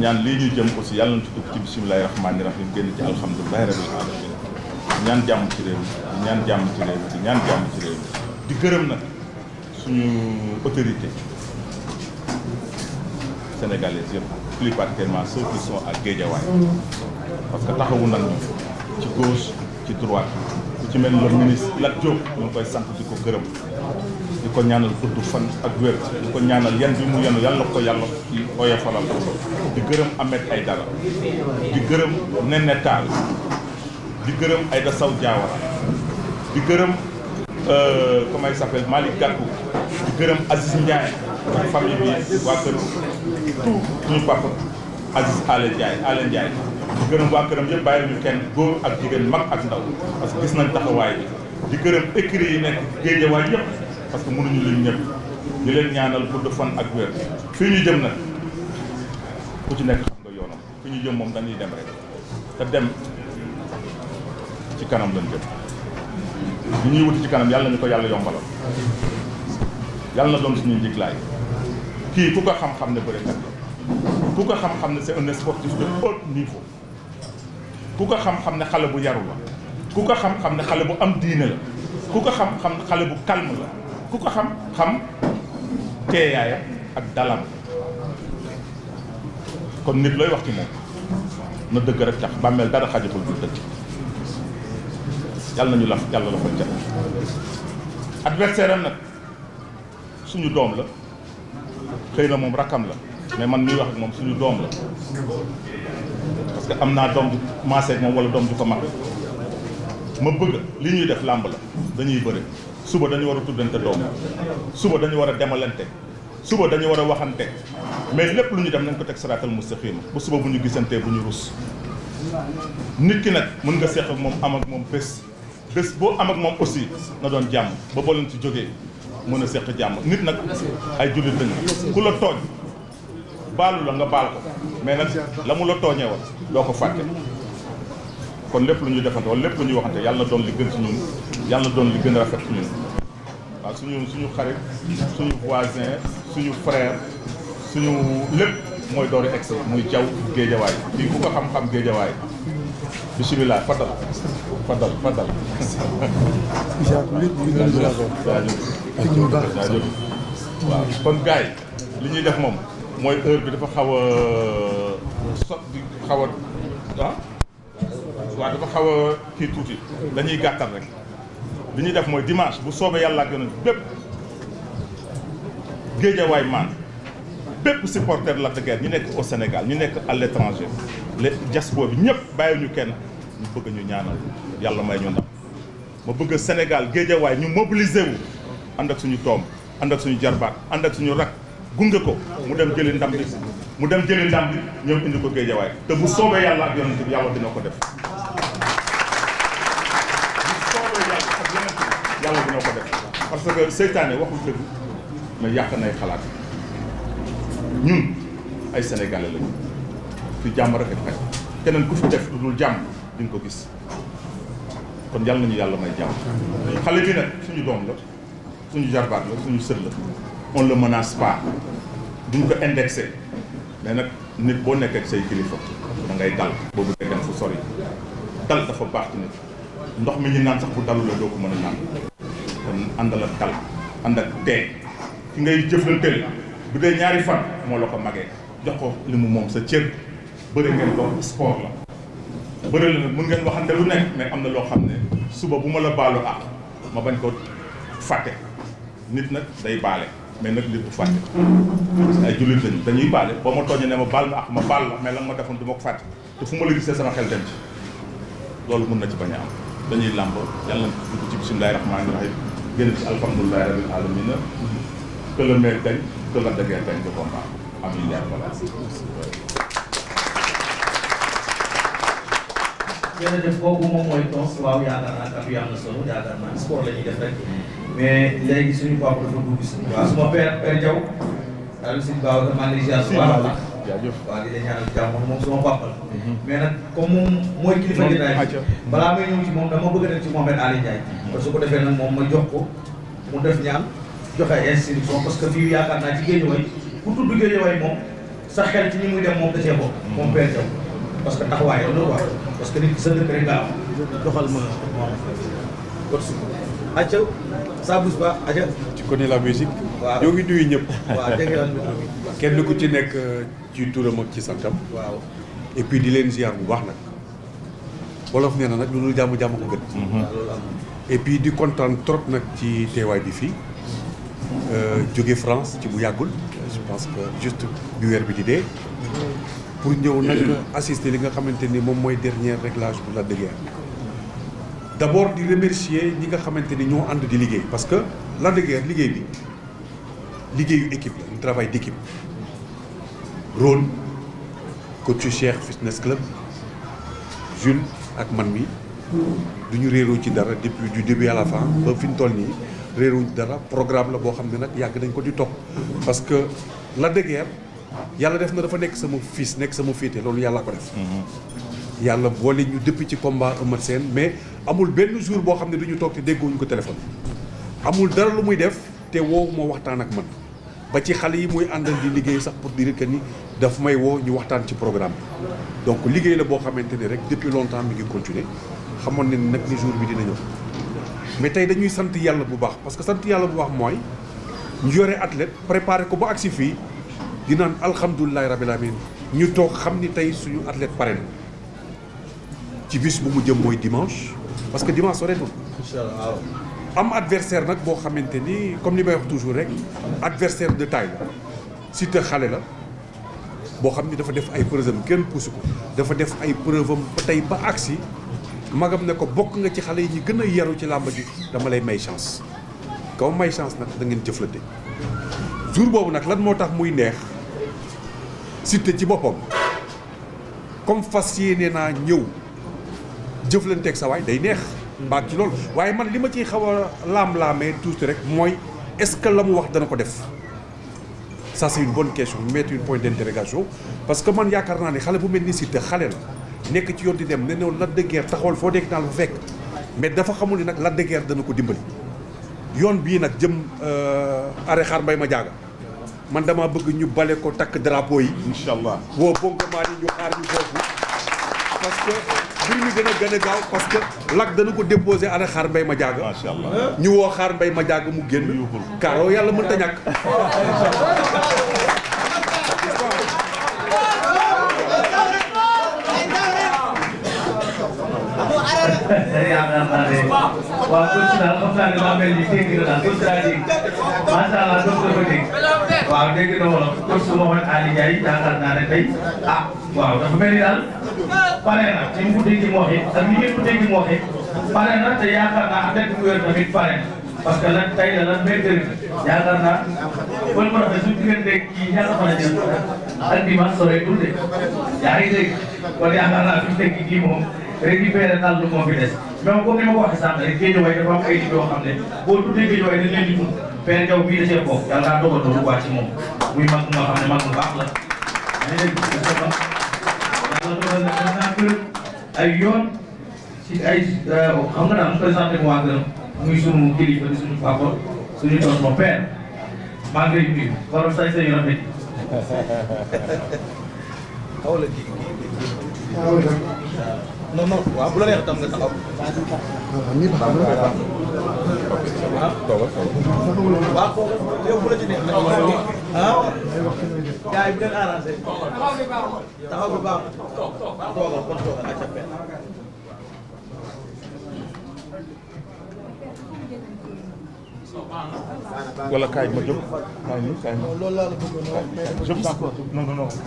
ñaan lii ñu jëm si yàlla na ci dugg ci bisimilahi rahmaani rahim génn ci alhamdulilahi rabil alamin ñaan jàmm ci réew di ñaan jàmm ci réew di ñaan jàmm ci réew di gërëm nag suñu autorité sénégalaise yëpp plus particulièrement ceux qui sont ak Guédiawaye parce que taxawu nañ ñu ci gauche ci droite ku ci mel ne ministre Lat Diop ñu ngi koy sant di ko gërëm ko ñaanal gudd fan ak wér di ko ñaanal yan bi mu yenu yàlla ko yàlla ci oyofalal di gërëm Ahmed Aïdara di gërëm Néné Tall di gërëm Aïda Sow Diawara di gërëm euh, comment il s'appelle Malick Gakou di gërëm Aziz Ndiaye ak famille bi waa kër tout suñu papa Aziz Alé Ndiaye Alé Ndiaye di gërëm waa këram yëpp bàyyi ñu kenn góor ak jigéen mag ak ndaw parce que gis nañ taxawaay bi di gërëm écrit yi nekk géejawaay yëpp parce que mënuñu lim ñëpp di leen ñaanal gudd fan ak wér fii ñu jëm nag ku ci nekk xam nga yoonam fi ñu jëm moom dañuy dem rek te dem ci kanam lañ jëm li ñuy wuti ci kanam yàlla ñu ko yàlla yombalal yàlla na doon suñu njiglaay kii ku ko xam-xam ne bërekat la ku ko xam-xam ne c'est ku ko xam ne xale bu yaru la ku ko xam-xam ne xale bu am diine la ku ko xam-xam ne xale bu calme la ku ko xam xam teeyaayam ak dalam kon nit looy wax ci moom na dëgg rek tax bàmmeel dara xajatul du dëgg yàlla nañu la yàlla la ko jar adversaire nag suñu doom la xëy na moom rakkam la mais man miy wax moom suñu doom la parce que am naa doom ju maasee ak moom wala doom ju ko mag ma bëgg li ñuy def làmb la dañuy bëri suba dañu war a tuddante doom suba dañu war a demalante suba dañu war a waxante mais lépp lu ñu dem nañ ko teg saraatal mustaqima bu suba bu ñu gisantee bu ñu rus nit ki nag mën nga seq moom am ak moom bés bés boo am ak moom aussi na doon jàmm ba boo leen ci jógee mën a seq jàmm nit nag ay jullit lañu ku la tooñ baalu la nga baal ko mais nag la mu la tooñee woon doo ko fàtte kon lépp lu ñuy defante wala lépp lu ñuy waxante yàlla na doon li gën ci yàlla doon li gën a rafet ñun waaw suñu suñu xarit suñu voisin suñu frère suñu lépp mooy door a muy jaw géejawaay fii ku ko xam-xam géejawaay bisimilah fadal fadal fadal jaajëf kon gars li ñuy def moom mooy heure bi dafa xaw a sot di xaw a ah dafa xaw a kii tuuti dañuy gàttal rek bi ñu def mooy dimanche bu soobee yàlla ak yonent bépp géejawaay maan bépp supporter Lac de Guiers ñu nekk au Sénégal ñu nekk à l'étranger le diaspora bi ñëpp bàyyiwuñu kenn ñu bëgg ñu ñaanal yàlla may ñu ndam ma bëgg Sénégal géejawaay ñu mobiliser wu ànd ak suñu doom ànd ak suñu jarbaat ànd ak suñu rak gunge ko mu dem jëli ndam bi mu dem jëli ndam bi ñëw indi ko géejawaay te bu soobee yàlla ak yonent bi yàlla dina ko def parce que seytaane waxul dëgg mais yàq nay xalaat ñun ay sénégalais lañu fi jàmm rek ak keneen ku fi def lu dul jàmm di ko gis kon yàlla nañu yàlla may jàmm xale bi nag suñu doom la suñu jarbaat la suñu sër la on le menace pas ko indexé mais nag nit boo nekk ak say kilifa da ngay dal boobu dem fu sori dal dafa baax ci nit ndox mi ñu naan sax bu dalu doo ko mën a naan àndal ak dal ànd ak tey ki ngay jëflanteel bu dee ñaari fan moo la ko magee jox ko li mu moom sa cër bëri ngeen ko sport la. bëri la nag mën ngeen waxante lu nekk mais am na loo xam ne suba bu ma la baalu àq ma bañ ko fàtte nit nag day baale mais nag nit bu fàtte parce que ay jullit baale ba ma tooñee ne ma baal ma àq ma baal la mais lan ma defoon du ma ko fàtte te fu ma la gisee sama xel dem ci loolu mën na ci bañ a am dañuy làmb yàlla dugg ci bisimilahi rahmaani rahim génn ci alhamdulilahi rabbil alamina que le maire gagne que la déguerre gagne de combat amiin yaa rabbal aalamiin jërëjëf naa kàddu yi am na solo yaakaar naa sport la def rek mais léegi suñu papa dafa dugg si waaw suma père père Diaw daal suñu baaw maa ngi su baax a jaajëf waaw di la ñaanal jàmm moom suma papa mhm. mais nag comme moom mooy kilifa jotaay balaa may ñëw moom dama bëgg a dem ci Mouhamed Ali Ndiaye mhm. parce que su ko defee nag moom ma jox ko mu def ñaan parce que fii yaakaar naa ci Guédiawaye ku tudd Guédiawaye moom sa xel ci ñi muy dem moom da cee bokk mhm. moom Père Diaw parce que taxawaay la quoi parce que nit sa dëkk rek nga am doxal ma kon su acca ça bouge pas ci tu la musique waaw ngi nuyu ñëpp kenn ku ci nekk euh, ci turam ak ci santam waaw et puis di leen ziar bu baax nag wolof nee na nag lu dul jàmm jàmm ko gën mm-hmm. et puis di kontaan trop nag ci teewaay bi fii euh, jóge France ci bu yàggul je pense que juste bi weer bi di dee mm-hmm. pour ñëw nag assister li nga xamante ni moom mooy dernier réglage pour la de d'abord di remercier ñi nga xamante ni ñoo ànd di liggéey parce que Lac de Guiers liggéey bi liggéeyu équipe la un travail d'équipe Rhône coach Cheikh Fitness Club Jules ak man mi du ñu réeroo ci dara depuis du début à la fin ba fi ñu toll nii réeroo dara programme la boo xam ne nag yàgg nañ ko di topp parce que Lac de yàlla def na dafa nekk sama fils nekk sama féete loolu yàlla ko def mm-hmm. yàlla boole ñu depuis ci combat Eumeu Sène amul benn jour boo xam ne du toog te déggoowuñu ko téléphone amul dara lu muy def te woowu ma waxtaan ak man ba ci xale yi muy àndal di liggéey sax pour dire que ni daf may woo ñu waxtaan ci programme bi donc liggéey la boo xamante ne rek depuis longtemps mi ngi continuer xamoon ne nag ni jour bi dina ñëw mais tey dañuy sant yàlla bu baax parce que sant yàlla bu baax mooy ñu yore athlète préparé ko ba agsi fii di naan alhamdulilahi rabil alamin ñu toog xam ni tey suñu athlète pare ci bis mu jëm mooy dimanche parce que dimanche soreetul am adversaire nag boo xamante ni comme li may wax toujours rek adversaire de taille la Siteu xale la boo xam ni dafa def ay preuve am kenn puusu ko dafa def ay preuve am ba tey ba agsi magam ne ko bokk nga ci xale yi ñu gën a yaru ci làmba ji dama lay may chance kaw may chance nag da ngeen jëflante jour boobu nag lan moo tax muy neex Siteu ci boppam comme fas yéene naa ñëw jëflanteeg sa waay day neex. baat ci lool waaye man li ma ciy xaw a laam-laamee tuuti rek mooy est-ce que la mu wax dana ko def. ça c'est une bonne question mettre une point d'interrogation parce que man yaakaar naa ni xale bu mel ni Siteu xale la nekk ci yoon di dem ne ne Lac de Guiers taxawal foo nekk naa la fa fekk mais dafa xamul ni nag Lac de dana ko dimbali yoon bii nag jëm euh, arrêt xaar mbay ma jaaga man damaa bëgg ñu bale ko takk drapeau yi. incha allah woo mbir mi dana gën a gaaw parce que dana ko déposé ana xaar mbay ma jàgg macha allah ñu woo xaar mbay ma jàgg mu génn kaaroo yàlla mën ta ah, waaw dafa dégg waaw daal. pare na ci mu ko dégg te ni ngeen ko dégg mu waxee pare na te yaakaar naa ak dëkk bu wér tamit pare na parce que lan tey la lan météo yaakaar naa kon ma rafet suñu diggante kii ñaata fan a jëm ak dimanche yaa ngi dégg kon yaakaar naa fi mu tekki kii moom lu moo fi des donc comme ni ma ko waxee sànq rek géej waay dafa am ay nit yoo xam ne boo tuddee géej waay dañ leen di tudd Père Diaw bii da cee bokk yàlla naa dogal doon waa ci moom muy mag nga xam ne mag mu baax la. ay yoon ci ay euh, xam nga daal présenté ko waa gërëm muy sunu kilifa di suñu papa suñu doon mon père maa ngi lay nuyu xoolal say yu rafet non non waaw bu la neex tam nga taxaw. Ah, waaw waaw yow ah? bu gars yi bu leen arrangé. taxaw bi baaxul taxaw bi baaxul. toogal kon toogal ak sa benn. wala kaay ma jóg kaay ma kaay ma. loolu laa la bëgg a non non non.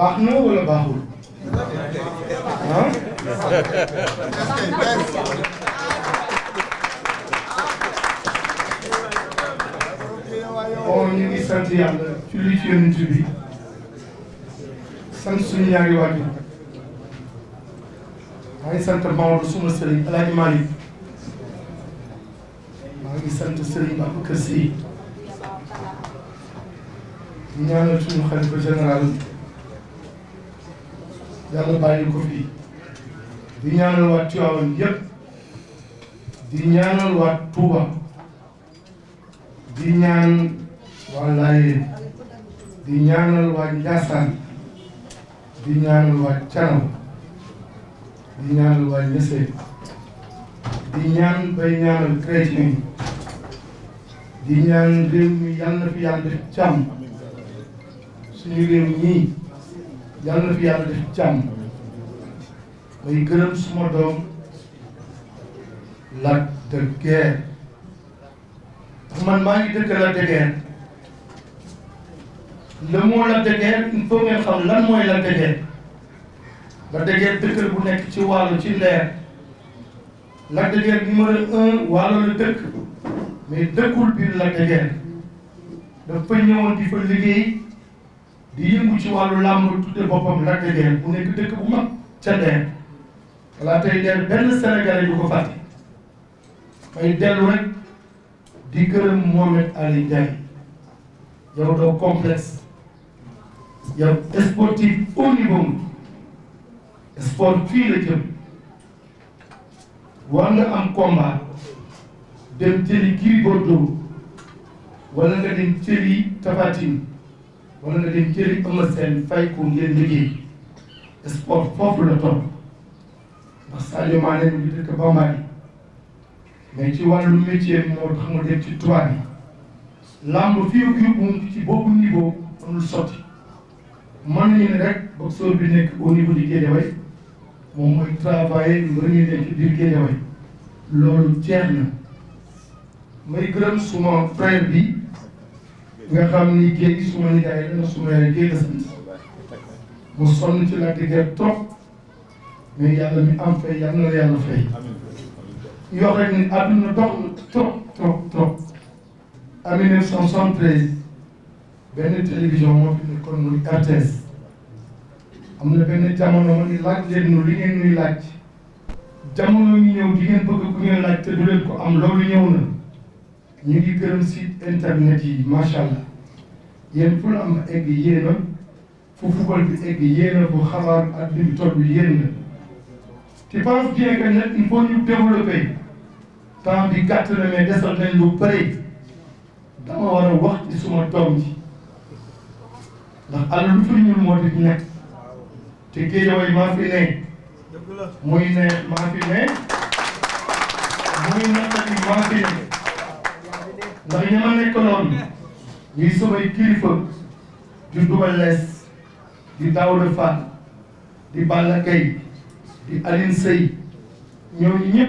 baax na wala baaxul ah bon ñu ngi sant yàlla ci li ci bi sant suñu ñaari waajur maa ngi sant Maodo suma sëriñ El Hadj Malick maa ngi sant sëriñ Babacar Sy ñaanal yàlla bàyyi ko fii di ñaanal waa Tivaouane yëpp di ñaanal waa Touba di ñaan waa Layeen di ñaanal waa Ndiassane di ñaanal waa Canam di ñaanal waa Niassène di ñaan bay ñaanal chrétien yi di ñaan réew mi yàlla na fi yàlla def jàmm suñu réew ñii yàlla na fi yàlla def jàmm may gërëm suma doom Lac de Guiers ndax man maa ngi dëkk Lac de Guiers le mot Lac de Guiers il faut ngeen xam lan mooy bu nekk ci wàllu ci leer Lac de Guiers numéro walo wàllu la dëkk mais dëkkul biir Lac de Guiers dafa ñëwoon di fa liggéey di yëngu ci wàllu làmb tudde boppam Lac de Guiers mu nekk dëkk bu mag ca Nder walla tey Nder benn Sénégalais du ko fàtte may dellu rek di gërëm Mohamed Ali Ndiaye yow doo complexe yow sportif au niveau sport fii la jëm war nga am combat dem jëli Gris Bordeaux wala nga dem jëli Tapha war na dem jëli ama seen fay ko ngeen liggéey sport foofu la topp ndax Sadio Mané mu ngi dëkk Bambali mais ci wàllu métier moo tax mu dem ci tubaab yi làmb fii ak yóbbu ci boobu niveau mënul sotti mën nañu ne rek boxeur bi nekk au niveau du Guédiawaye moom mooy travailler nga ñuy nekk ci biir Guédiawaye loolu jeex na may gërëm suma frère bi nga xam ni géej suma nijaay la suma yaay géej la sant mu sonn ci laajte gerte trop mais yàlla mi am fay yàlla na la yàlla fay ñu wax rek ni àdduna dox na trop trop trop en 1973 benn télévision moo fi nekkoon muy RTS am na benn jamono ma ni laaj leen nu li ngeen nuy laaj jamono yi ñëw di ngeen bëgg ku ngeen laaj te du leen ko am loolu ñëw na. ñu ngi gërëm site internet yi macha allah yéen fu la am egg yéen a fu football bi bu xabaar ak bi yéen la tu penses bien que nag il faut ñu développer temps bi gàtt na mais desal nañ lu bëri dama war a wax ci suma doom ji ndax àll lu fi ñun nekk te géejaway maa fi muy ne maa fi muy naqari maa fi ndax ñi ma nekkaloon ñuy samay kilifa di Double Less di Daouda di Balla di Aline Sey ñooñu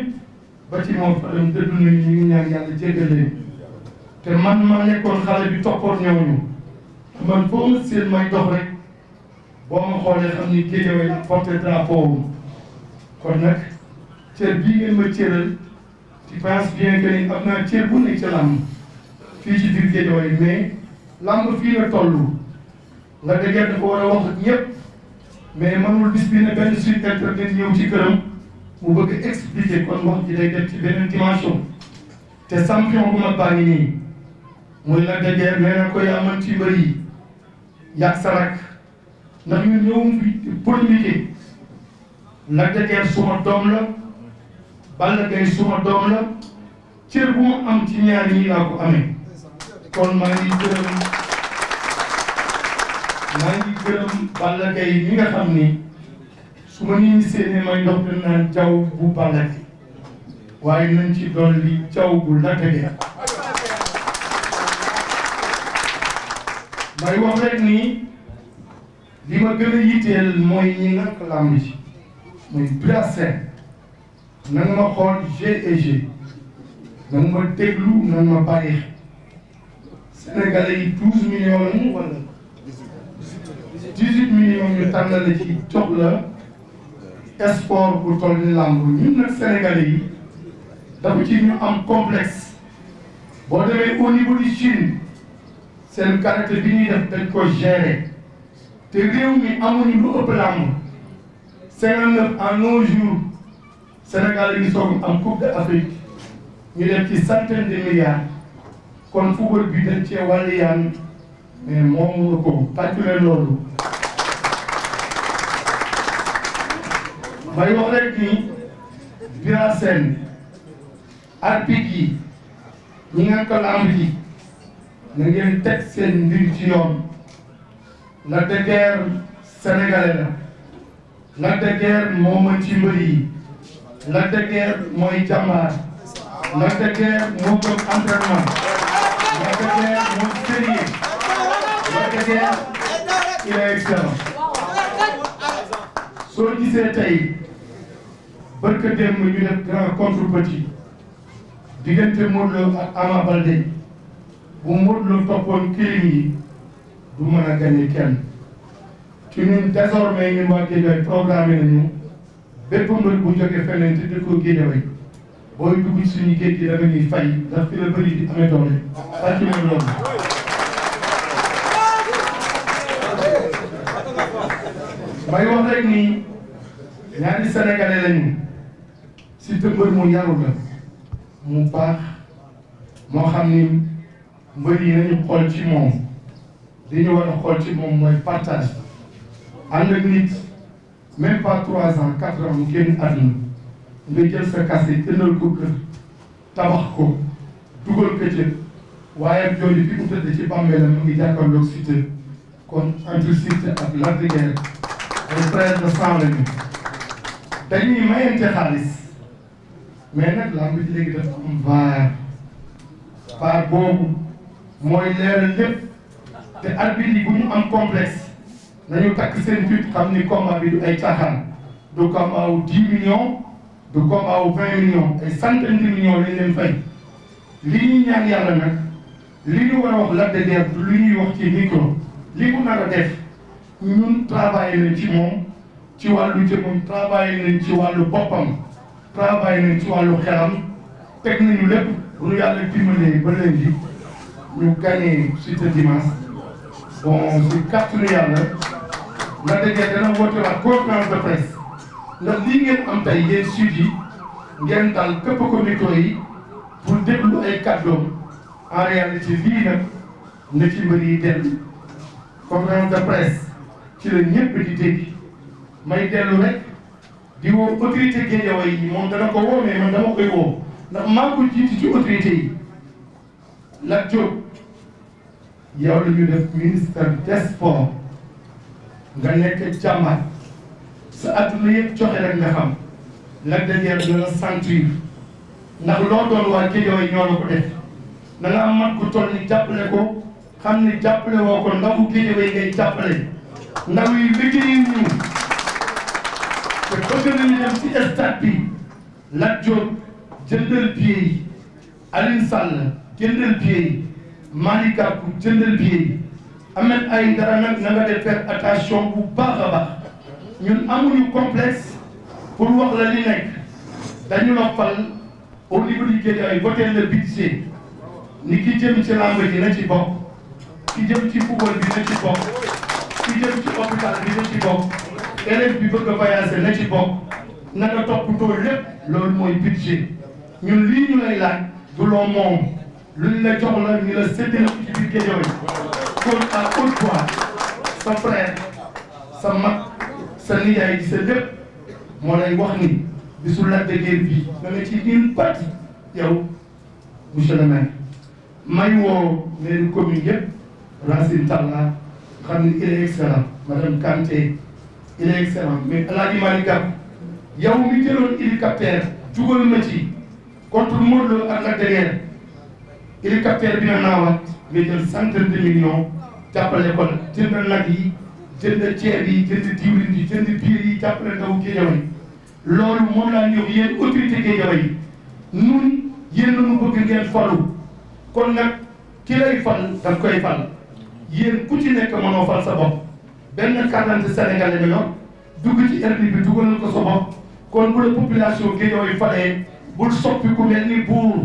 ba ci moom Fadam dëddu nañu ñu ngi ñaan yàlla jéggal te man ma nekkoon xale bi toppoon ñooñu man foo ma seen dox rek boo ma xoolee xam ni Guédiawaye porte drapeau kon nag cër bii ngeen ma cëral ci pense bien que ni am naa cër bu nekk ca fii ci biir Guédiawaye mais lamb fii la toll la dëgër dafa war a wax ak ñëpp mais mënul bis bi ne benn suite internet ñëw ci këram mu bëgg expliquer kon wax ji day dem ci beneen dimension te champion bu mag baa ngi nii muy la dëgër nee na ko yaa mën ci mbër yi yàq sarak ndax ñun ñëwum fi polémique la suma doom la Balla Gaye suma doom la cër bu mu am ci ñaar ñii laa kon maa ngi gërëm maa ngi nga xam ni su ma nii seenee may ndox bu Balla Gaye waaye nañ ci dolli jaww bu Lac ni li ma gën a yitteel mooy ñi nak làmb ji muy brasser na nga ma xool G et na nga ma déglu na nga ma bàyyi Sénégalais yi douze millions yi wala dix-huit millions ñu tànn la ci jox la sport bu toll ni làmb ñun nag Sénégalais yi dafa ci ñu am complexe boo demee au niveau du seen karaté bi ñuy def dañ ko gérer te réew mi amuñu lu ëpp làmb cinquante neuf en nos jours Sénégalais yi soog am coupe d'Afrique ñu def ci centaine de milliards kon football bi dañ cee wàlli yaan moom nga ko tàccu loolu may wax rek ni Bira Sène arbitre yi ñi nga ko lamb ji na ngeen teg seen mbir ci yoon Lac de Guiers sénégalais la Lac de Guiers moo mën ci mbër mooy jàmbaar Lac de Guiers moo gëm entraînement Leclerc, mon Sénier. Leclerc, il est excellent. soo gisee tey barka démb ñu diggante Modou Lo ak Ama bu Modou toppoon kilim yi du mën a gagné kenn. ci ñun désormais ñun waa Guédiawaye programme nañu bépp mbër bu jógee feneen te dëkkoo Guédiawaye booy dugg suñu géej gi da nga ñuy fay ndax fi la bëri di amee doole. tàcc nañ loolu. may wax rek ni ñaari sénégalais lañu Siteu mbër mu yaru la mu baax moo xam ni mbër yi nañu xool ci moom li ñu war a xool ci moom mooy partage ànd ak nit même pas trois mu génn àdduna nga jël tabax ko dugal ko waaye jooju bi mu tëdd ci bàmmeelam mu ngi jàkkaarloog Siteu kon entre Siteu ak Lac de Guiers ay frères de sang la dañuy mayante xaalis mais nag làmb ji léegi dafa am vaar boobu mooy leeral lépp te arbitre yi bu nañu takk seen fit xam ni combat bi du du combat wu dix millions du combat wu vingt millions ay centaine de millions lañ leen fay li ñuy ñaan yàlla nag li ñu war a wax Lac ñuy wax ci micro li mu nar a def ñun travaillé nañ ci moom ci wàllu jëmmam travaillé nañ ci wàllu boppam travaillé nañ ci wàllu xelam teg nañu lépp bu ñu yàlla dimbalee ba léegi ñu gagné ci ce dimanche bon ci kàttanu yàlla Lac de Guiers dana wootewaat conférence de presse ndax lii ngeen am tey yéen sud ngeen dal képp ko micro yi pour déglu ay kàddoom en réalité lii nag na ci ma yi dem conférence de ci la ñëpp di dégg may dellu rek di woo autorité Guédiawaye yi moom dana ko woo mais man dama koy woo ndax maa ko jiitu ci autorité yi Lat Diop yow la ñu def ministre des sports nga nekk jàmbaar sa adduna yëpp joxe rek nga xam Lac de Guiers dana sentir ndax loo doon waa Guédiawaye ñoo la ko def da nga am mat ku toll ni ko xam ni jàppale woo ko ndaw Guédiawaye ngay jàppale ndaw yi liggéey ñu te bëgg nañu dem ci stade bi Lat Diop jëndal billet yi Alioune Sall jëndal billet yi Malick Gakou jëndal billet yi Ahmed Aïdara nag na nga def faire attention bu baax a baax ñun amuñu complexe pour wax la li nekk dañu la fal au niveau du Guédiawaye voté le budget ni ki jëm ci làmb ji na ci bokk ki jëm ci football bi na ci bokk ki jëm ci hôpital bi na ci bokk élève bi bëgg a voyager na ci bokk naka toppatoo lépp loolu mooy budget ñun lii ñu lay laaj du loo moom luñ la jox la ñu la séddale ko ci biir géej kon à haute voix sa frère sa mag sa nijaay gi sa lépp moo lay wax ni bisu Lac de Guiers bi da nga ci une partie yow monsieur le maire may woo maire commune yëpp Racine Talla xam ne il est excellent madame Kanté il est excellent mais El Hadj Malick yow mi jëloon hélicoptère jugal ma ci contre Modou Lo ak Lac de Guiers hélicoptère bi na naawaat nga jël centaine de millions jàppale ko jënd nag yi jënd ceeb yi jënd diwlin yi jënd biir yi jàppale ndaw Guédiawaye loolu moom laa ñëw yéen autorité Guédiawaye yi nun yéen la ñu bëgg kon nag ki lay fal daf koy fal yéen ku ci nekk mënoo fal sa benn carte sénégalais nga yor dugg ci RDP bi dugalal ko sa bopp kon bu la population gi yooyu falee bul soppi ku mel ni buur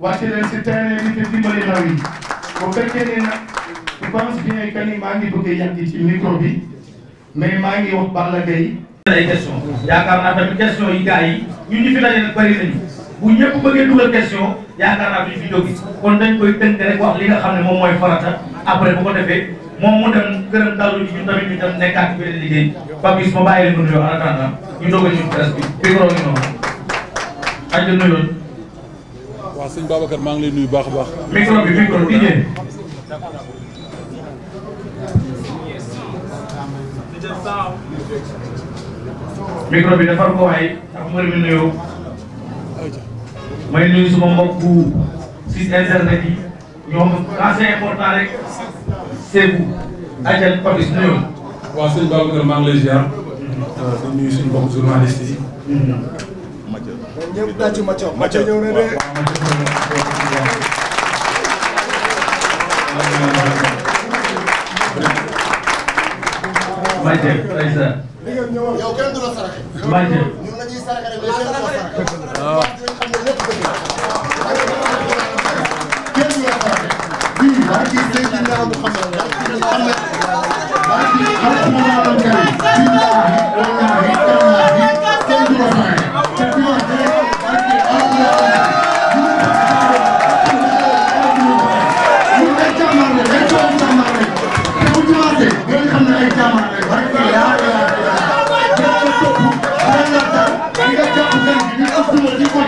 wàcce leen si terrain bi te dimbali ndaw yi bu fekkee ne nag je pense bien que ni maa ngi bëgg a yàgg ci micro bi mais maa ngi wax Balla Gaye ay question yaakaar naa tamit question yi gars yi ñun ñu fi daje nag bëri nañu bu ñëpp bëggee dugal question yaakaar naa fi fi jógi kon dañ koy tënk rek wax li nga xam ne moom mooy farata après bu ko defee moom mu dem këram dallu ñu tamit ñu tam nekkaat bi beneen liggéey ba bis ma bàyyi leen mu nuyoo en attendant ñu doog a ñëw presse bi micro ngi noonu aj la nuyoon waaw sëñ Babacar maa ngi a bi micro bi jëen micro bi defar ko waaye ndax may nuyu suma mbokk si internet yi ñoom quand c'est important rek c'est vous ajal Papis nuyoo. waaw sëñ Babacar maa ngi lay ziar. Euh, di nuyu suñu mbokk journaliste yi. ñëpp daa ci Macha Seydina Muhammad Muhammad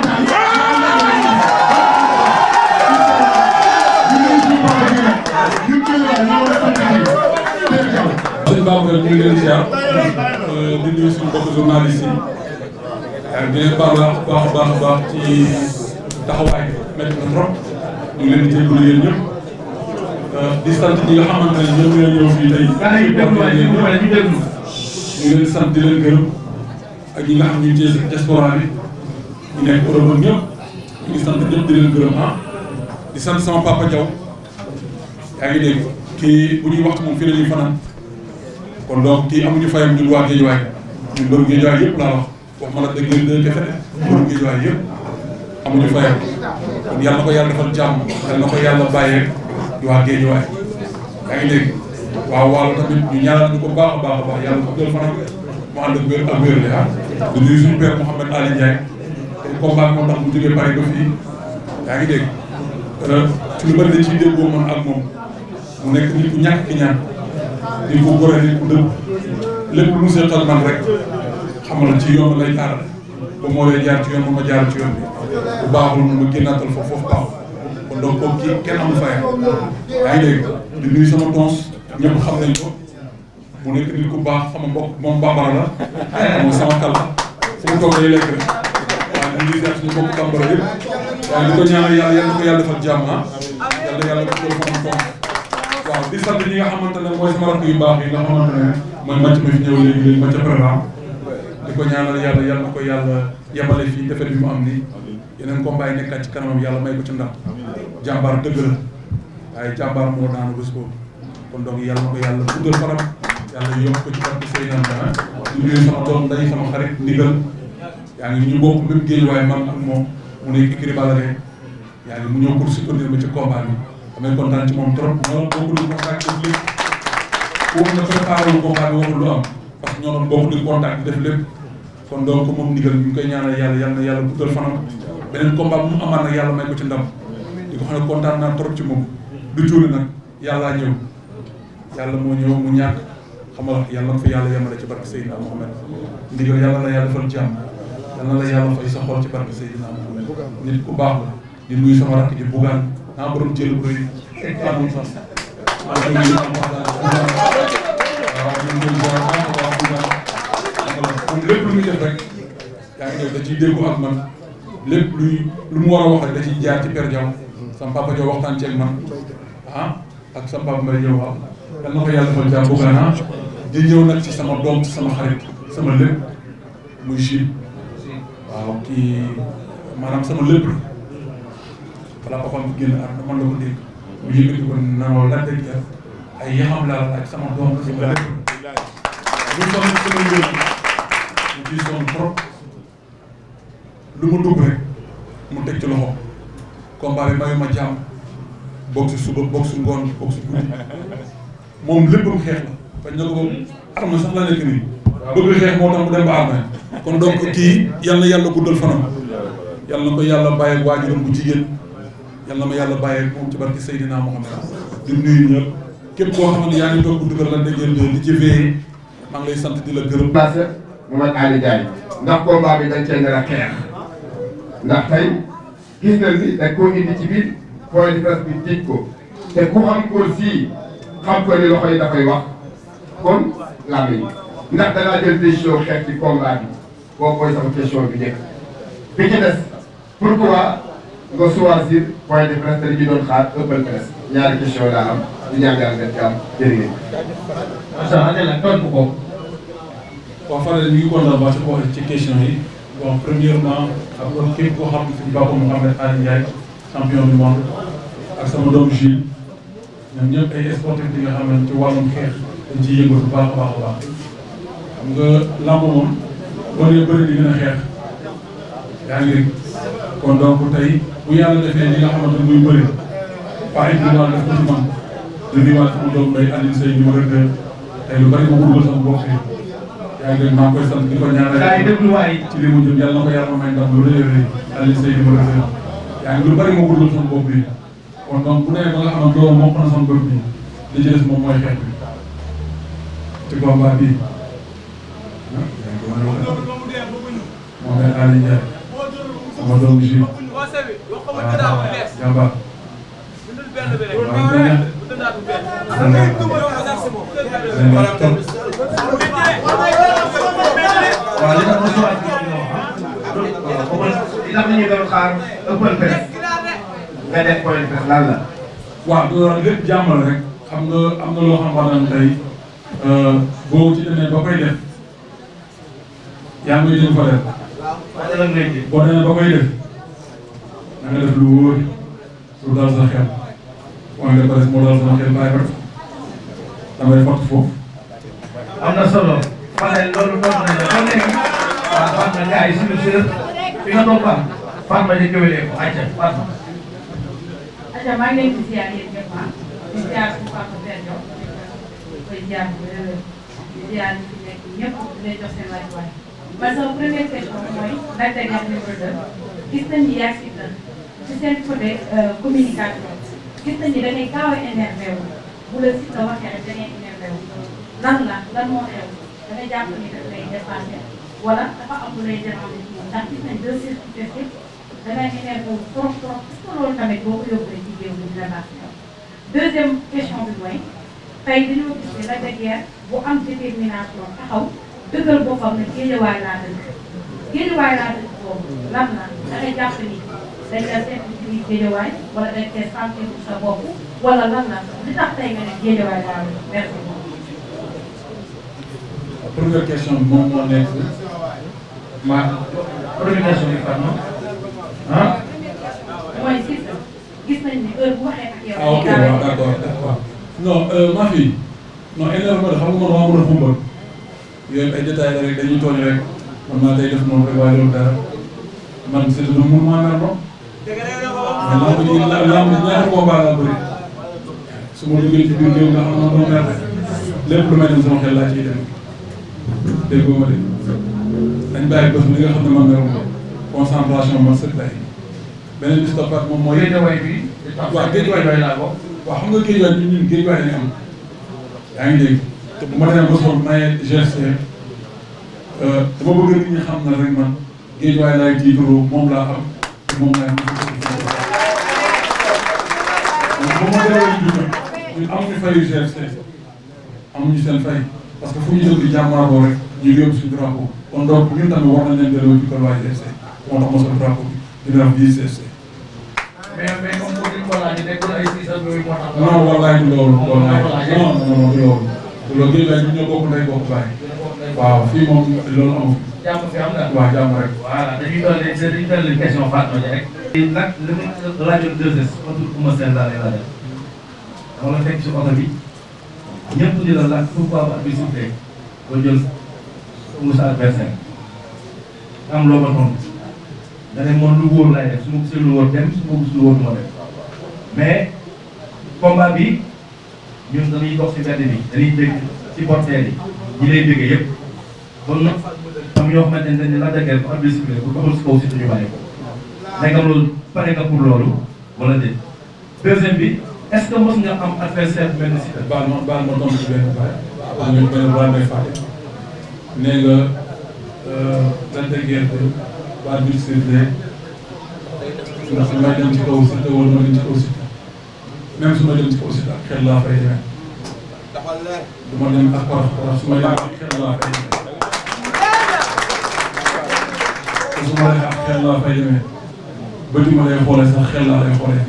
Thank you. ziar euh, di nuyu suñu mbokku journaliste yi euh, di leen baax a baax a baax a baax ci taxawaay métti na trop ñu ngi leen di jégalu yéen ñëpp euh, di sant ñi nga xamante ne ñoom ñoo ñëw fii tey. ñu ngi leen sant di leen gërëm ak ñi nga xam ñu téye diaspora bi ñu nekk Europe ñëpp ñu ngi sant ñëpp di leen gërëm ah di sant sama papa Diaw yaa ngi dégg kii bu ñuy waxtu moom fii la ñuy fanaan. kon donc kii amuñu fayam ñun waa Géejawaay ñun loolu Géejawaay yëpp laa wax wax ma la dëgg dëgg defe ne loolu Géejawaay yëpp amuñu fayam kon yàlla na ko yàlla defal jàmm yàlla na ko yàlla bàyyeeg waa Géejawaay yaa ngi dégg waaw waaw tamit ñu ñaanal ñu ko baax a baax a baax yàlla ko jël fanam mu ànd ak wér ak wér li ah di nuyu suñu père Mouhamed Ali Ndiaye te combat moo tax mu jógee Paris ba fii yaa ngi dégg ci lu bëri da ciy déggoo man ak moom mu nekk nit ku ñàkk ki ñaan di ko góor a di ko dëpp lépp lu seetal man rek xam na ci yoon lay jaar ba moo lay jaar ci yoon ba ma jaar ci yoon bi bu baaxul mu génnaatal foofu foofu baaxul kon donc kooku kii kenn amul fayam yaa ngi dégg di nuyu sama tons ñëpp xam nañ ko mu nekk nit baax sama moom sama kàlla fu mu toog day lekk rek waaw ñu ngi ziar suñu mbokk bambara yëpp waaye di ko ñaanal yàlla yàlla ko yàlla defal jàmm ah. yàlla yàlla ko ko defal di sant ñi nga xamante ne mooy sama rakk yu baax yi nga xamante ne mooy màcc mi fi ñëw léegi léegi màcc programme di ko ñaanal yàlla yàlla na ko yàlla yemale fii defet bi mu am nii yeneen combat yi nekkaat ci kanamam yàlla may ko ci ndam jàmbaar dëgg la waaye moo daanu bés boobu kon donc yàlla na ko yàlla guddal fanam yàlla yokk ko ci barke Seydina Dana di nuyu sama doom nday sama xarit ndigal yaa ngi ñu bokk même géej waaye man ak moom mu nekk kii Balla Gaye yaa ngi mu ñëw pour soutenir ma ci combat damay kontaan ci moom trop ñoo doon bokk di contact ñoo doon bokk di contact def lépp kon donc moom ndigal ñu ngi koy ñaanal yàlla yàlla na yàlla beneen combat mu amaat nag yàlla may ko ci ndam di ko xam ne kontaan naa trop ci moom du cuuli nag yàllaa ñëw yàlla moo ñëw mu ñàkk xam yàlla na ko yàlla yemale ci barke Seydina Mohamed ndigal yàlla na yàlla defal jàmm yàlla la yàlla fay sa xol ci barke Seydina Mohamed nit ku baax la di nuyu sama rakk ji bugaan naa borom jël bu rëy maa ngi fas maa ngi nuyu maa ngi lépp lu muy def rek yaa ngi def da ciy déggu ak man lépp luy lu mu war a wax rek da ciy jaar ci per Diaw sama papa Diaw waxtaan ceeg man ah ak sama papa Mbaye Diaw waaw kan na ko yàlla defal jàmm bëgg naa ah. di ñëw nag ci sama doom ci sama xarit sama lépp muy Chine waaw kii maanaam sama lépp. la papaam génn ak man la ko dégg. bu yëkkati ko nanoo lan lañ def ay yaxam laal ak sama doom ba lépp. lu sonn mu ciy sonn trop lu mu dugg mu teg ci loxo combat bi mayu ma jàmm bokk si suba bokk si ngoon bokk si guddi xeex la bañ na ko arme sax laa nekk nii. bëgg xeex moo tax mu dem ba arme kon donc kii yal na yàlla guddal fanam yal na ko yàlla bàyyi waajuram bu jigéen. yal ma yàlla bàyyeek moom ci barki Seydina Mohamed di nuyu ñëpp képp koo xam ne yaa ngi toog bu dugal lan dégeen di ci veillé lay sant di la gërëm passé Mohamed Ali Diagne ndax combat bi dañ cee nar a xeex ndax tey gis na indi ci biir point de presse bi tiij ko te ku xam ko sii xam loxo yi dafay wax kon làmmiñ ndax danaa jël décision xeex ci combat bi boo koy sama question bi njëkk bi ci des pourquoi nga choisir point de presse dañu doon xaar open presse ñaari question laa am di ñaangal nga ci am jërëjëf. macha allah tontu ko. waaw Fadel ñu ngi kontaan baax si wax ci question yi bon premièrement kon képp champion du monde ak sama doom Jules ñoom ñëpp ay sportif yi nga xam ne ci wàllum xeex dañ ciy yëngatu baax a baax a baax xam nga làmb moom boo dee bëri di yaa ngi dégg kon donc tey bu yàlla defee li nga xamante ne muy bëri waaye bi wàll def ko ci man dañuy wàll sama doom day Alioune Seye numéro 2 tey lu bëri ma bëgg sama mbokk yi yaa ngi dégg maa ngi koy sant di ko ñaanal ci li mu jëm yàlla na ko yàlla may ndam lu rëy rëy Alioune Seye numéro 2 yaa ngi lu bëri ma bëgg sama bopp yi kon donc bu dee ba nga xamante loolu moo xam sama bopp yi li ci des moom mooy xeet bi ci combat bi moom la Aliou Ndiaye sama doom ji waaw jàmbaar waaw li nga mos a wax ñu doon xaar open press nga def point press lan la. waaw loolu lépp jàmm rek xam nga am na loo xam ne tey boo ci demee ba koy def yaa ngi ko fa def. boo demee ba koy def da nga def lu wóor lu dal sa xel point de presse moo dal sama xel bàyyi ko damay fàtt foofu. am na solo. Fane loolu toog nañ la kon léegi waaw Fatma gars yi suñu séeréer fi nga toog ba Fatma di gëwëlee ko ayca Fatma. ayca maa ngi leen di ziar yéen ñëpp ah di ziar suñu Papa Perdio di koy ziar di ziar fi nekk ñëpp di leen jox seen wàccuwaay man sama première question mooy Lac de Guiers numéro 2 gis nañ ni yaa ngi ci seen côté communication gis nañ ni da ngay gaaw a énervé wu bu la la waxee rek da ngay énervé lan la lan moo xew da ngay jàpp ni daf lay dépassé wala dafa am lu lay dérangé ci moom ndax gis nañ deux circonstances yëpp da ngay énervé wu trop trop est ce que loolu tamit boo ko yóbbee ci géew bi dina baax deuxième question bi mooy tey dañoo gis ne Lac de Guiers bu am détermination taxaw. dëggal boppam ne géejawaay laa dëkk géejawaay laa dëkk boobu lan la da ngay jàpp ni dañ la seet ci biir géejawaay wala dañ koy sant sa bopp wala lan la li tax tey nga ne géejawaay laa dëkk merci beaucoup. première question bi moom moo nekk ma première question bi pardon ah. mooy gis gis nañ ni heure bu waxee ak yow. ah ok waaw d' accord d' accord non euh, ma fille non énervé xam nga man maa mën a yooyu ay détails rek dañuy tooñ rek xam naa tey def moom rek waaye loolu dara man si lu mun maa mer ko mais lamb ji lamb ji ñaari combat laa bëri su ma duggee ci biir réew nga xam ne moom mer lépp lu may dem sama xel laa ciy dem déggoo ma de dañ bàyyi bés li nga xam ne man merum ko concentration man sëg bàyyi beneen bis toppat moom mooy géejawaay bi waaw géejawaay laa ko waaw xam nga géejawaay ñun géejawaay lañ am yaa ngi dégg te bu ma demee ba soxla maye GST euh, dama bëgg nit ñi xam na rek man Guédiawaye laay jiitaloo moom laa am te moom laay am. moom moo demee jiitu ñun amuñu fayu GST amuñu seen fay parce que fu ñu jël di jàmmaaroo rek ñu yóbbu suñu drapeau kon donc ñun tamit war nañ leen delloo ci kër waa GST moo tax mosal drapeau bi dina am 10 GST. mais mais comme que duñ ko laajee nekkul ay 6 ak yooyu moo tax. non wallaay du loolu. non non non du loolu. loolu géej waay ñun ñoo bokk ndey bokk baay. waaw fii moom loolu amul. jàmm fi am daal waaw jàmm rek. voilà dañuy toll nii dañuy toll nii question Fatou Ndiaye rek. nag li ma laajoon deux heures oto Ouma Sène laa lay laajal. dama la fekk si oto bi ñëpp di la laaj pourquoi ba bi suuf rek ba jël Moussa adversaire am loo ma tontu da ne moom lu wóor laay def su ma gisee lu wóor dem su ma gis lu wóor moo def mais combat bi. ñun dañuy dox ci mbedd mi dañuy dégg ci porteel yi ñi lay déggee yëpp kon nag am ñoo xamante ne dañ ne laaj a bu abdicé pour amul si kaw si ñu bàyyi ko. nekkam loolu pare nga pour loolu wala déet. deuxième bi est-ce que mos nga am adversaire bu mel ni Siteu. baal ma baal ma doon ci benn baay. waaw ñun benn baay may fàtte. nee nga lan euh, la gerte baal bi Siteu ndax may dem ci kaw Siteu wala ma dem ci kaw Siteu. même su ma dem ci aussi ak xel laa fay demee du ma dem ak korof korof su ma dem ak xel laa fay demee te su ma demee ak xel laa fay demee bët yi ma lay xoolee sax xel laa lay xoolee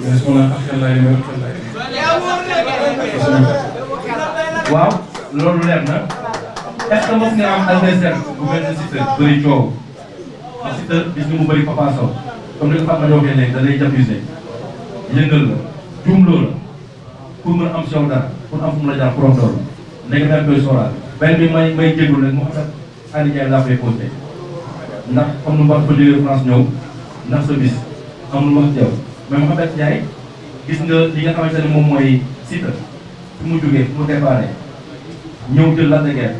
mais su ma demee ak xel laay demee ak xel laay demee. waaw loolu leer na est-ce que mos nga am adversaire bu mel ne Siteu bëri coow Siteu bis ni mu bëri Papa Sow comme ni ko Fatma Diop léegi da lay jàppuse. yëngal la jumloo la pour mën a am sew dara pour am fu mu la jaar pour am doole léegi daal koy sóoraale benn bi may may jéglu nag Mouhamed Ali Ndiaye laa koy posté ndax am na mbaa ko jógee France ñëw ndax sa bis am na wax yow mais Mouhamed Ndiaye gis nga li nga xamante ne moom mooy Siteu fi mu jógee mu déparé ñëw jël Lac de Guiers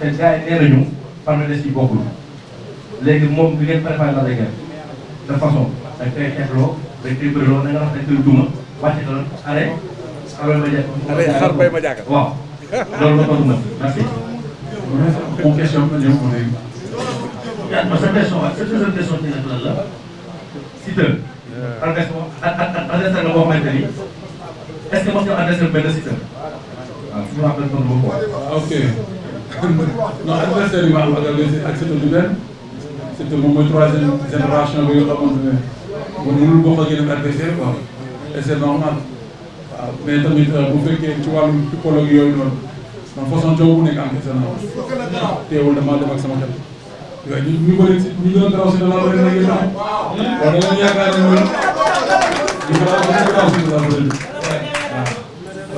te gars yi nee nañu palmarès yi bokkul léegi moom bi ngeen préparé Lac de Guiers de façon dañ koy xeexloo dañ koy bëri lool da nga wax dañ koy duma wàcce ko lan arrêt. arrêt xar bay ma jàkka waaw loolu la toog na merci. on question bi nga jëm ma sa question waaw sa question ci nag lan la. si te. adresse moom adresse la boo xamante ni est-ce que mos nga adressé benn si te. waaw su ma waxee tontu ko ok non adversaire yi ma am ak ak Siteu du benn Siteu moom mooy troisième génération bi nga xamante ne bu mënul bokk ak yeneen adversaire quoi et c'est normal waaw mais tamit euh, bu fekkee ci wàllu psychologue yooyu noonu man façon coow bu nekk encaissé naa teewul damaa dem ak sama xel waaye ñu ñu bëri ñu gën a daaw si ne laa bëri na ngeen am waaw da ngeen yaakaar ne ñun ñu ko daaw si daaw si laa bëri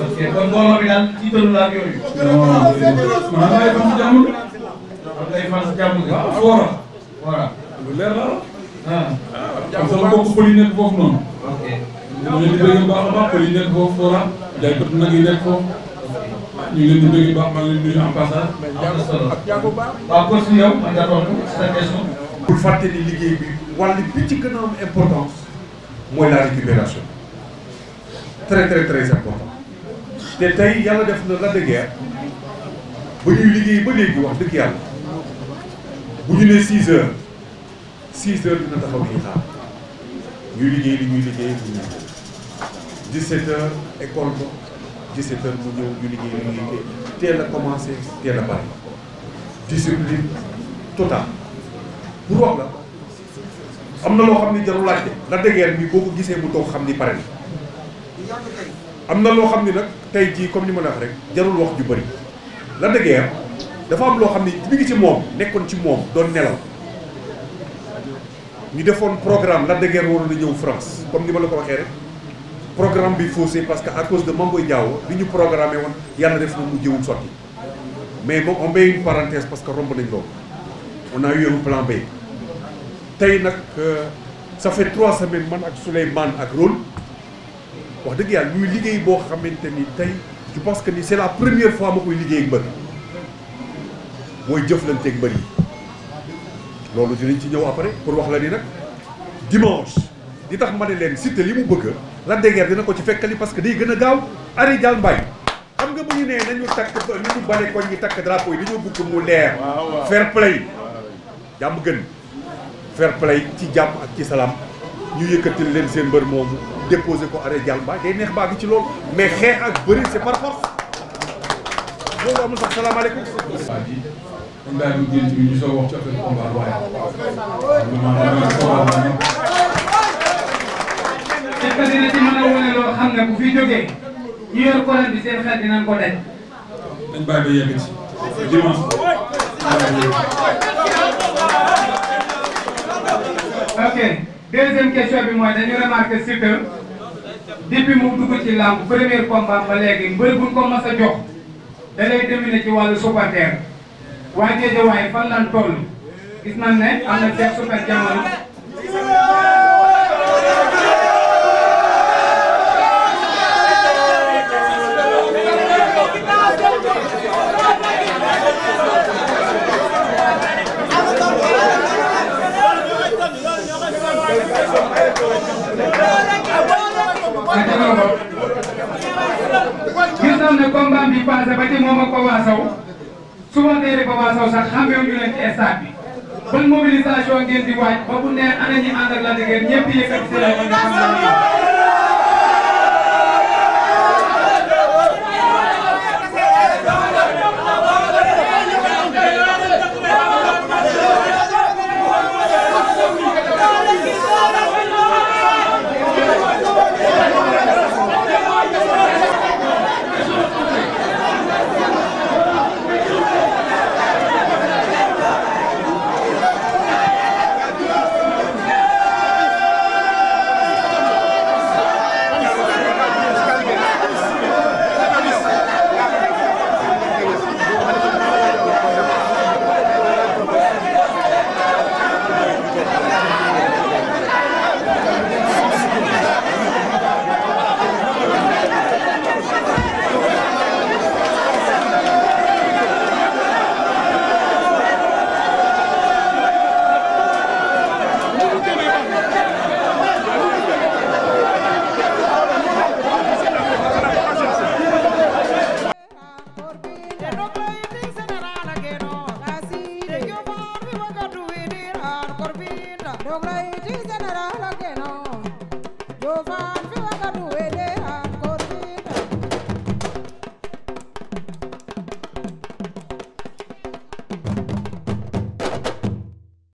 ok kon mbooloo bi daal jiitalu la ak yooyu. non non man lay fan si jàmm. man lay fan si jàmm. waaw ak wóoram. voilà lu leer la. am sama mbokk pël yi nekk foofu noonu. ñu leen baax a baax pël yi nekk foofu Fora jaaykat nag yi nekk foofu ñu leen di bëgg baax maa leen di nuyu en passage. am na solo ni liggéey bi wàll bi ci gën a am importance mooy la récupération très très très important te tey yàlla def na la de guerre ñuy liggéey ba léegi wax dëgg yàlla bu ñu nee 6 heures. 6 heures dina taxaw xaar ñuy liggéey li ñuy liggéey ñu ñëw 17 heures école ba 17 heures mu li ñuy liggéey teel a commencé teel a bari discipline totale pour wax la. am na loo xam ni jarul laajte la dëgër mi boo ko gisee mu toog xam ni pare na am na loo xam ne nag tey jii comme ni ma la rek jarul wax ju bëri la dëgër dafa am loo xam ne mi ngi ci moom nekkoon ci moom doon nelaw ñu defoon programme Lac de Guiers waroon na ñëw France comme ni ma la ko waxee rek programme bi faussé parce que à cause de Mame Boye Diao li ñu programmé woon yàlla def na mu jëwul sotti mais moom on met une parenthèse parce que romb nañ loolu on a eu un plan B tey nag euh, ça fait trois semaines man ak Souleymane ak Rôle wax dëgg yàlla ñuy liggéey boo xamante ni tey je pense que ni c'est la première fois ma koy liggéey ak mbër mooy jëflanteeg mbër yi loolu dinañ ci ñëw après pour wax la ni nag dimanche di tax ma ne leen Siteu li mu bëgg la déguère dina ko ci fekkali parce que day gën a gaaw ari jal mbay xam nga bu ñu nee nañu takk nañu bale koñ ñi takk drapeau yi dañoo bëgg mu leer fair play jàmm gën fair play ci jàmm ak ci salaam ñu yëkkatil leen seen mbër moomu déposé ko arrêt jàll mbaa day neex baa ngi ci loolu mais xeex ak bëri c'est par force loolu amul sax salaamaaleykum kon daal di génn bi a xam ne bu fi jógee ñu yor colonne bi seen xel dinañ ko daj. dañ bàyyi ba yegg ci dimanche. ok deuxième question bi mooy dañu remarqué si que mu dugg ci làmb premier combat ba ko mas a jox da lay dominer ci wàllu supporter. waa Géejawaay fan lan toll gis nañ ne am na Cheikh Super Jamono gis nañ ne combat bi passé ba ci moom ak ko waasaw souvent day rek Papa Sow sax xàmmeewu ñu leen ci stade bi ban mobilisation ngeen di waaj ba bu ne ana ñi ànd ak la dëgër ñëpp yëkkati